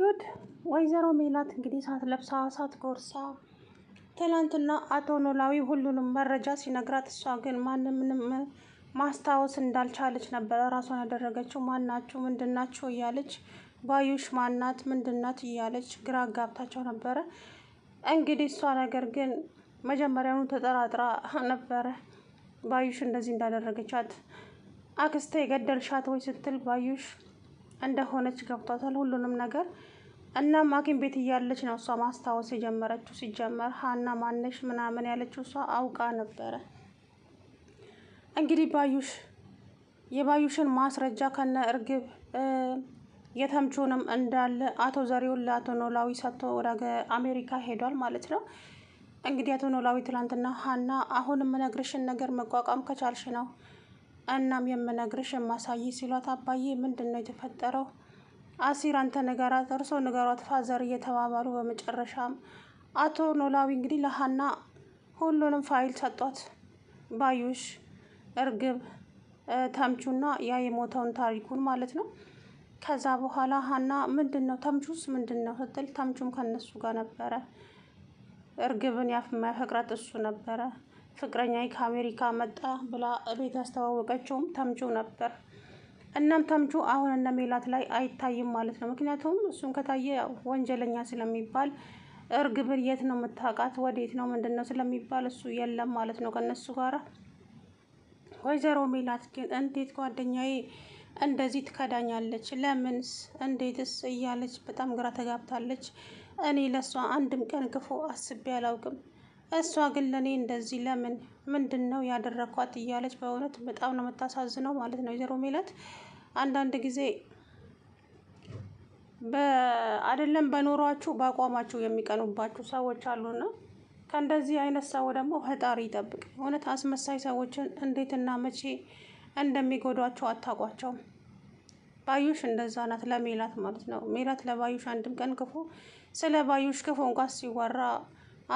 ጉድ! ወይዘሮ ሜላት እንግዲህ ሳትለብሳ ሳትጎርሳ ትናንትና አቶ ኖላዊ ሁሉንም መረጃ ሲነግራት እሷ ግን ማንም ምንም ማስታወስ እንዳልቻለች ነበረ ራሷን ያደረገችው። ማናችሁ ምንድናችሁ እያለች ባዩሽ ማናት ምንድናት እያለች ግራ አጋብታቸው ነበረ። እንግዲህ እሷ ነገር ግን መጀመሪያውኑ ተጠራጥራ ነበረ ባዩሽ እንደዚህ እንዳደረገቻት አክስቴ የገደልሻት ወይ ስትል ባዩሽ እንደሆነች ገብቷታል ሁሉንም ነገር። እናም ሐኪም ቤት እያለች ነው እሷ ማስታወስ የጀመረችው። ሲጀመር ሀና ማነሽ ምናምን ያለችው እሷ አውቃ ነበረ። እንግዲህ ባዩሽ የባዩሽን ማስረጃ ከነ እርግብ የተምቹንም እንዳለ አቶ ዘሪውን ለአቶ ኖላዊ ሰጥቶ ወደ አሜሪካ ሄዷል ማለት ነው። እንግዲህ አቶ ኖላዊ ትላንትና ሀና አሁን የምነግርሽን ነገር መቋቋም ከቻልሽ ነው እናም የምነግርሽ የማሳይ ሲሏት አባዬ ምንድን ነው የተፈጠረው? አሲር አንተ ንገራት፣ እርሶ ንገሯት ፋዘር እየተባባሉ በመጨረሻም አቶ ኖላዊ እንግዲህ ለሀና ሁሉንም ፋይል ሰጧት። ባዩሽ፣ እርግብ፣ ተምቹና ያ የሞተውን ታሪኩን ማለት ነው። ከዛ በኋላ ሀና ምንድን ነው ተምቹስ ምንድን ነው ስትል ተምቹም ከነሱ ጋር ነበረ። እርግብን ያፍ የሚያፈቅራት እሱ ነበረ። ፍቅረኛ ከአሜሪካ መጣ ብላ እቤት ያስተዋወቀችውም ተምቹ ነበር። እናም ተምቹ አሁን እነ ሜላት ላይ አይታይም ማለት ነው። ምክንያቱም እሱን ከታየ ወንጀለኛ ስለሚባል እርግብን የት ነው የምታውቃት፣ ወዴት ነው ምንድን ነው ስለሚባል እሱ የለም ማለት ነው ከነሱ ጋራ። ወይዘሮ ሜላት ግን እንዴት ጓደኛዬ እንደዚህ ትከዳኛለች? ለምንስ? እንዴትስ? እያለች በጣም ግራ ተጋብታለች። እኔ ለእሷ አንድም ቀን ክፉ አስቤ አላውቅም። እሷ ግን ለእኔ እንደዚህ ለምን ምንድን ነው ያደረኳት እያለች በእውነት በጣም ነው የምታሳዝነው ማለት ነው ወይዘሮ ሜላት አንዳንድ ጊዜ አይደለም በኖሯችሁ በአቋማችሁ የሚቀኑባችሁ ሰዎች አሉና ከእንደዚህ አይነት ሰው ደግሞ ፈጣሪ ይጠብቅ። እውነት አስመሳይ ሰዎችን እንዴትና መቼ እንደሚጎዷቸው አታውቋቸውም። ባዩሽ እንደዛ ናት፣ ለሜላት ማለት ነው። ሜላት ለባዩሽ አንድም ቀን ክፉ ስለ ባዩሽ ክፉ እንኳ ሲወራ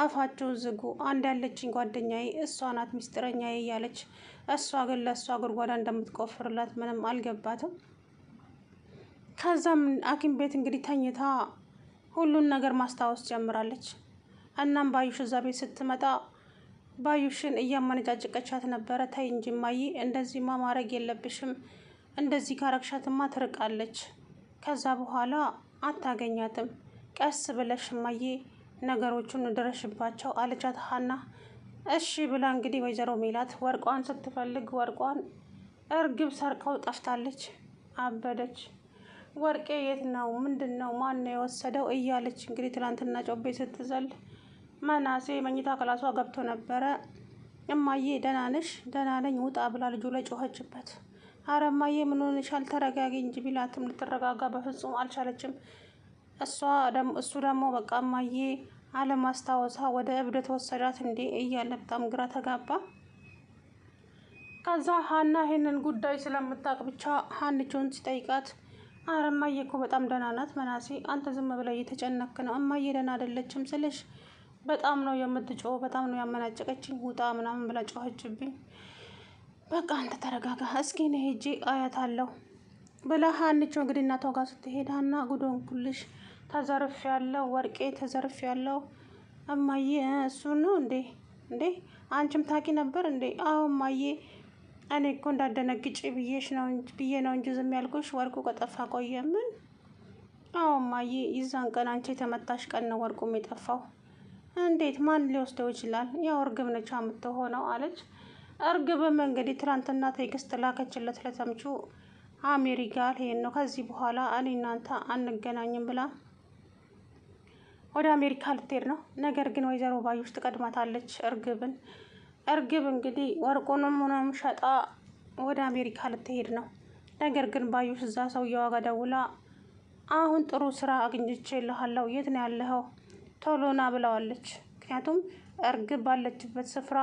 አፋቸው ዝጉ። አንድ ያለችኝ ጓደኛዬ እሷ ናት ሚስጥረኛዬ እያለች እሷ ግን ለእሷ ጉድጓዳ እንደምትቆፍርላት ምንም አልገባትም። ከዛም ሐኪም ቤት እንግዲህ ተኝታ ሁሉን ነገር ማስታወስ ጀምራለች። እናም ባዩሽ እዛ ቤት ስትመጣ ባዩሽን እያመነጫጭቀቻት ነበረ። ታይ እንጂ ማይ እንደዚህማ ማድረግ የለብሽም እንደዚህ ካረግሻትማ ትርቃለች። ከዛ በኋላ አታገኛትም። ቀስ ብለሽ ማዬ ነገሮቹን ድረሽባቸው አለቻት ሀና። እሺ ብላ እንግዲህ ወይዘሮ ሜላት ወርቋን ስትፈልግ ወርቋን እርግብ ሰርቀው ጠፍታለች። አበደች። ወርቄ የት ነው? ምንድን ነው? ማን ነው የወሰደው? እያለች እንግዲህ ትናንትና ጮቤ ስትዘል መናሴ መኝታ ክላሷ ገብቶ ነበረ። እማዬ ደህና ነሽ? ደህና ነኝ ውጣ ብላ ልጁ ላይ ጮኸችበት። አረ እማዬ ምን ሆንሻል? ተረጋጊ እንጂ ቢላትም ልትረጋጋ በፍጹም አልቻለችም። እሷ እሱ ደግሞ በቃ እማዬ አለማስታወሳ ወደ እብደት ወሰዳት እንዴ እያለ በጣም ግራ ተጋባ። ከዛ ሀና ይህንን ጉዳይ ስለምታውቅ ብቻ ሀንቾን ሲጠይቃት አረ እማዬ እኮ በጣም ደህና ናት መናሴ፣ አንተ ዝም ብለህ እየተጨነክ ነው። እማዬ ደህና አይደለችም ስልሽ በጣም ነው የምትጮው በጣም ነው ያመናጨቀችኝ፣ ውጣ ምናምን ብላ ጮኸችብኝ። በቃ አንተ ተረጋጋ፣ እስኪ እኔ አያት አለው ብላ ሀንቾ እንግዲህ እናቷ ጋር ስትሄድ ሀና ጉዶን ኩልሽ ተዘርፍ ያለው ወርቄ ያለው እማዬ እሱ ነው እንዴ እንዴ አንቺም ታውቂ ነበር እንዴ? አዎ እማዬ እኔ እኮ እንዳደነግጭ ብዬሽ ነው ብዬ ነው እንጂ ዝም ያልኩሽ ወርቁ ከጠፋ ቆየ። ምን? አዎ እማዬ ይዛን ቀን አንቺ የተመታሽ ቀን ነው ወርቁም የጠፋው። እንዴት ማን ሊወስደው ይችላል? ያው እርግብ ነች የምትሆነው አለች። እርግብም እንግዲህ ትናንትና ቴክስት ላከችለት ለተምቹ አሜሪካ ልሄድ ነው ከዚህ በኋላ እኔ እናንተ አንገናኝም ብላ ወደ አሜሪካ ልትሄድ ነው። ነገር ግን ወይዘሮ ባዩሽ ትቀድማታለች እርግብን። እርግብ እንግዲህ ወርቁንም ሆኖም ሸጣ ወደ አሜሪካ ልትሄድ ነው። ነገር ግን ባዩሽ እዛ ሰውየዋ ጋ ደውላ አሁን ጥሩ ስራ አግኝቼልሃለሁ፣ የት ነው ያለኸው? ቶሎና ብለዋለች። ምክንያቱም እርግብ ባለችበት ስፍራ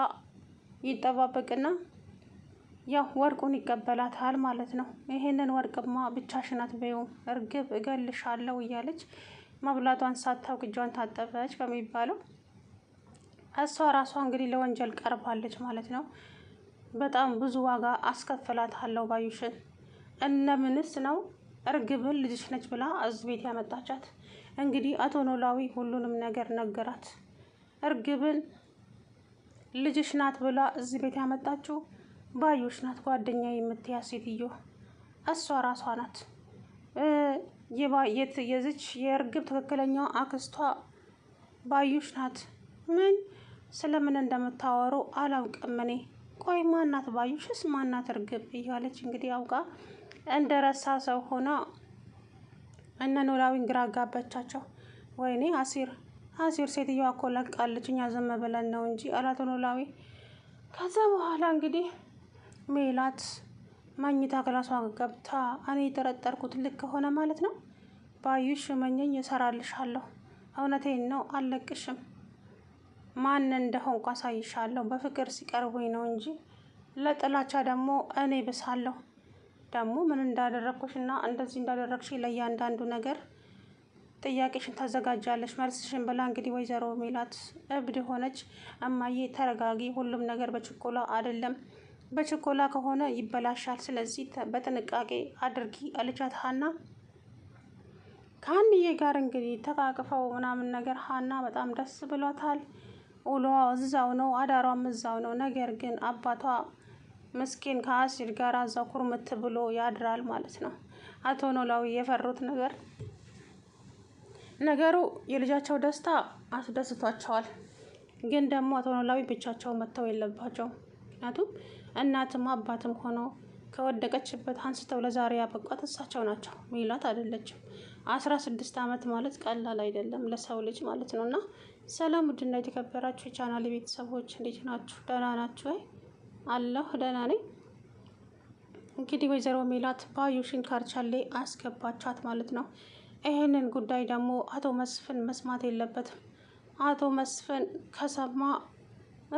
ይጠባበቅና ያው ወርቁን ይቀበላታል ማለት ነው። ይህንን ወርቅማ ብቻሽናት አትበይውም እርግብ እገልሻለሁ እያለች መብላቷን ሳታውቅ እጇን ታጠበች ከሚባለው እሷ ራሷ እንግዲህ ለወንጀል ቀርባለች ማለት ነው። በጣም ብዙ ዋጋ አስከፍላታለሁ ባዩሽን። እነምንስ ነው እርግብን ልጅሽ ነች ብላ እዚህ ቤት ያመጣቻት። እንግዲህ አቶ ኖላዊ ሁሉንም ነገር ነገራት። እርግብን ልጅሽ ናት ብላ እዚህ ቤት ያመጣችው ባዩሽ ናት፣ ጓደኛ የምትያ ሴትዮ እሷ ራሷ ናት። የዚች የእርግብ ትክክለኛው አክስቷ ባዩሽ ናት። ምን ስለምን እንደምታወሩ አላውቅም እኔ። ቆይ ማናት ባዩሽስ? ማናት እርግብ? እያለች እንግዲህ አውቃ እንደ ረሳ ሰው ሆና እነ ኖላዊን ግራ ጋበቻቸው። ወይኔ አሲር አሲር ሴትዮዋ እኮ ለቃለች፣ እኛ ዝም ብለን ነው እንጂ አላት ኖላዊ። ከዛ በኋላ እንግዲህ ሜላት ማኝታ ክላሷ ገብታ እኔ የጠረጠርኩት ልክ ከሆነ ማለት ነው። ባዩሽ መኘኝ እሰራልሻለሁ። እውነቴን ነው አልለቅሽም። ማን እንደሆንኩ አሳይሻለሁ። በፍቅር ሲቀርቡኝ ነው እንጂ ለጥላቻ ደግሞ እኔ ብሳለሁ። ደግሞ ምን እንዳደረግኩሽ እና እንደዚህ እንዳደረግሽ ለእያንዳንዱ ነገር ጥያቄሽን ታዘጋጃለች መልስሽን ብላ እንግዲህ ወይዘሮ ሚላት እብድ ሆነች። እማዬ ተረጋጊ፣ ሁሉም ነገር በችኮላ አይደለም በችኮላ ከሆነ ይበላሻል። ስለዚህ በጥንቃቄ አድርጊ አለቻት ሀና። ከሀንዬ ጋር እንግዲህ ተቃቅፈው ምናምን ነገር ሀና በጣም ደስ ብሏታል። ውሎዋ እዛው ነው፣ አዳሯም እዛው ነው። ነገር ግን አባቷ ምስኪን ከአሲድ ጋር እዛው ኩርምት ብሎ ያድራል ማለት ነው። አቶ ኖላዊ የፈሩት ነገር ነገሩ የልጃቸው ደስታ አስደስቷቸዋል። ግን ደግሞ አቶ ኖላዊ ብቻቸው መጥተው የለባቸው ምክንያቱም እናትም አባትም ሆነው ከወደቀችበት አንስተው ለዛሬ ያበቋት እሳቸው ናቸው። ሚላት አይደለችም። አስራ ስድስት ዓመት ማለት ቀላል አይደለም ለሰው ልጅ ማለት ነው። እና ሰላም ውድና የተከበራችሁ የቻናል ቤተሰቦች እንዴት ናችሁ? ደህና ናችሁ ወይ? አለሁ ደህና ነኝ። እንግዲህ ወይዘሮ ሚላት ባዩሽን ካርቻሌ አስገባቻት ማለት ነው። ይህንን ጉዳይ ደግሞ አቶ መስፍን መስማት የለበትም። አቶ መስፍን ከሰማ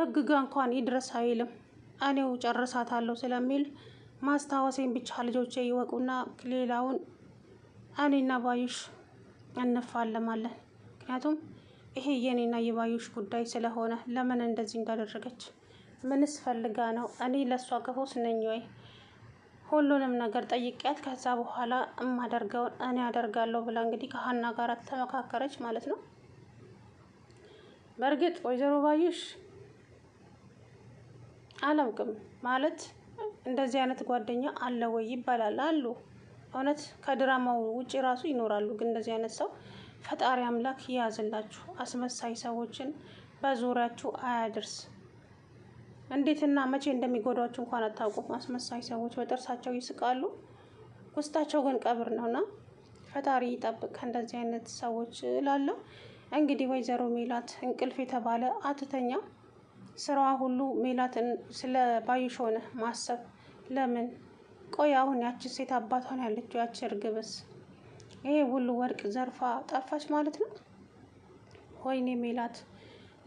እግጋ እንኳን ይድረስ አይልም። እኔው ጨርሳታለሁ ስለሚል ማስታወሴን ብቻ ልጆቼ ይወቁና ሌላውን እኔና ባዩሽ እንፋለማለን። ምክንያቱም ይሄ የኔና የባዩሽ ጉዳይ ስለሆነ ለምን እንደዚህ እንዳደረገች ምንስ ፈልጋ ነው? እኔ ለእሷ ክፉስ ነኝ ወይ? ሁሉንም ነገር ጠይቄያት ከዛ በኋላ የማደርገውን እኔ አደርጋለሁ ብላ እንግዲህ ከሀና ጋር ተመካከረች ማለት ነው። በእርግጥ ወይዘሮ ባዩሽ አላውቅም ማለት እንደዚህ አይነት ጓደኛ አለ ወይ ይባላል። አሉ እውነት ከድራማው ውጭ ራሱ ይኖራሉ። ግን እንደዚህ አይነት ሰው ፈጣሪ አምላክ ይያዝላችሁ። አስመሳይ ሰዎችን በዙሪያችሁ አያድርስ። እንዴትና መቼ እንደሚጎዷችሁ እንኳን አታውቁም። አስመሳይ ሰዎች በጥርሳቸው ይስቃሉ፣ ውስጣቸው ግን ቀብር ነውና ፈጣሪ ይጠብቅ ከእንደዚህ አይነት ሰዎች እላለሁ። እንግዲህ ወይዘሮ ሜላት እንቅልፍ የተባለ አትተኛ ስራዋ ሁሉ ሜላትን ስለ ባዩሽ ሆነ ማሰብ ለምን? ቆይ አሁን ያቺ ሴት አባቷን ያለችው ያቺ እርግብስ ይሄ ሁሉ ወርቅ ዘርፋ ጠፋች ማለት ነው? ወይኔ ሜላት፣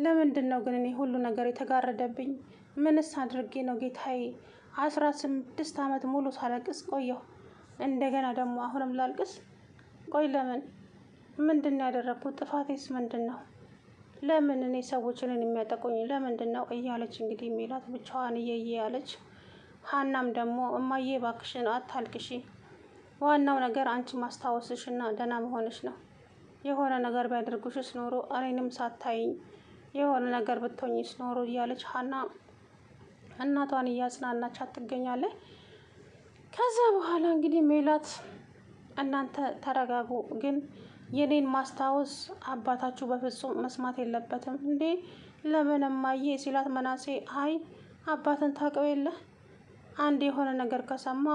ለምንድን ነው ግን እኔ ሁሉ ነገር የተጋረደብኝ? ምንስ አድርጌ ነው ጌታዬ? አስራ ስድስት ዓመት ሙሉ ሳለቅስ ቆየሁ። እንደገና ደግሞ አሁንም ላልቅስ? ቆይ ለምን? ምንድን ነው ያደረግኩት? ጥፋቴስ ምንድን ነው? ለምን እኔ ሰዎችን የሚያጠቁኝ ለምንድን ነው እያለች እንግዲህ ሚላት ብቻዋን እየየ ያለች ሀናም ደግሞ እማዬ ባክሽን አታልቅሺ፣ ዋናው ነገር አንቺ ማስታወስሽ እና ደህና መሆንሽ ነው። የሆነ ነገር ቢያደርጉሽስ ኖሮ እኔንም ሳታይኝ የሆነ ነገር ብትሆኝስ ኖሮ እያለች ሀና እናቷን እያጽናናች ትገኛለች። ከዛ በኋላ እንግዲህ ሜላት እናንተ ተረጋጉ ግን የኔን ማስታወስ አባታችሁ በፍጹም መስማት የለበትም እንዴ ለምን እማዬ ሲላት መናሴ አይ አባትን ታውቀው የለ አንድ የሆነ ነገር ከሰማ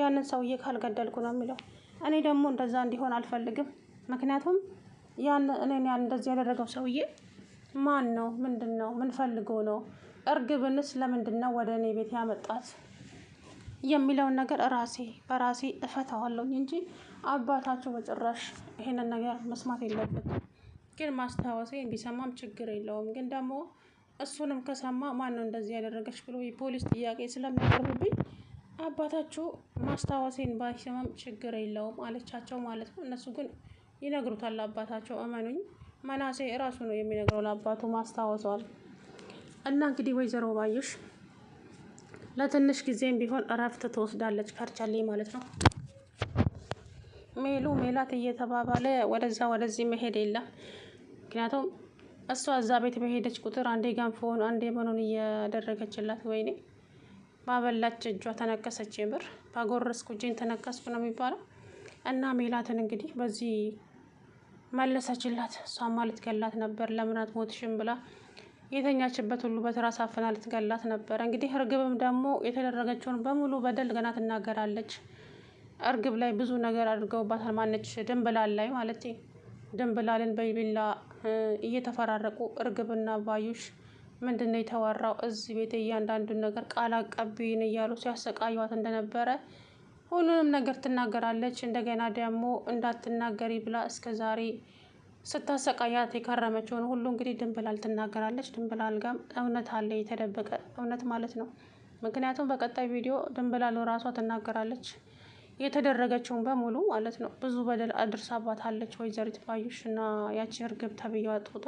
ያንን ሰውዬ ካልገደልኩ ነው የሚለው እኔ ደግሞ እንደዛ እንዲሆን አልፈልግም ምክንያቱም ያን እኔን ያን እንደዚህ ያደረገው ሰውዬ ማን ነው ምንድን ነው ምን ፈልጎ ነው እርግብንስ ለምንድን ነው ወደ እኔ ቤት ያመጣት የሚለውን ነገር ራሴ በራሴ እፈታዋለሁኝ እንጂ አባታቸው በጭራሽ ይሄንን ነገር መስማት የለበትም። ግን ማስታወሴን ቢሰማም ችግር የለውም። ግን ደግሞ እሱንም ከሰማ ማን ነው እንደዚህ ያደረገች ብሎ የፖሊስ ጥያቄ ስለሚያቀርብብኝ አባታችሁ ማስታወሴን ባይሰማም ችግር የለውም አለቻቸው ማለት ነው። እነሱ ግን ይነግሩታል አባታቸው። እመኑኝ መናሴ እራሱ ነው የሚነግረው ለአባቱ ማስታወሷል። እና እንግዲህ ወይዘሮ ባዩሽ ለትንሽ ጊዜም ቢሆን እረፍት ትወስዳለች ከርቻሌ ማለት ነው። ሜሉ ሜላት እየተባባለ ወደዛ ወደዚህ መሄድ የለም። ምክንያቱም እሷ እዛ ቤት በሄደች ቁጥር አንዴ ገንፎን አንዴ መኖን እያደረገችላት፣ ወይኔ ባበላች እጇ ተነከሰች። የምር ባጎረስኩ እጄን ተነከስኩ ነው የሚባለው። እና ሜላትን እንግዲህ በዚህ መለሰችላት። እሷማ ልትገላት ነበር። ለምን አትሞትሽም ብላ የተኛችበት ሁሉ በትራስ አፍና ልትገላት ነበር። እንግዲህ እርግብም ደግሞ የተደረገችውን በሙሉ በደል ገና ትናገራለች። እርግብ ላይ ብዙ ነገር አድርገውባታል። ማነች ድንብላል ላይ ማለት ድንብላልን በቢላ እየተፈራረቁ እርግብና ባዩሽ ምንድን ነው የተወራው እዚህ ቤት እያንዳንዱን ነገር ቃል አቀብይን እያሉ ሲያሰቃዩዋት እንደነበረ ሁሉንም ነገር ትናገራለች። እንደገና ደግሞ እንዳትናገሪ ብላ እስከ ዛሬ ስታሰቃያት የከረመችውን ሁሉ እንግዲህ ድንብላል ትናገራለች። ድንብላል ጋም እውነት አለ፣ የተደበቀ እውነት ማለት ነው። ምክንያቱም በቀጣይ ቪዲዮ ድንብላል ራሷ ትናገራለች። የተደረገችውን በሙሉ ማለት ነው። ብዙ በደል አድርሳባታለች ወይዘሪት ባዩሽ እና ያቺ እርግብ ተብዬዋ ጦጣ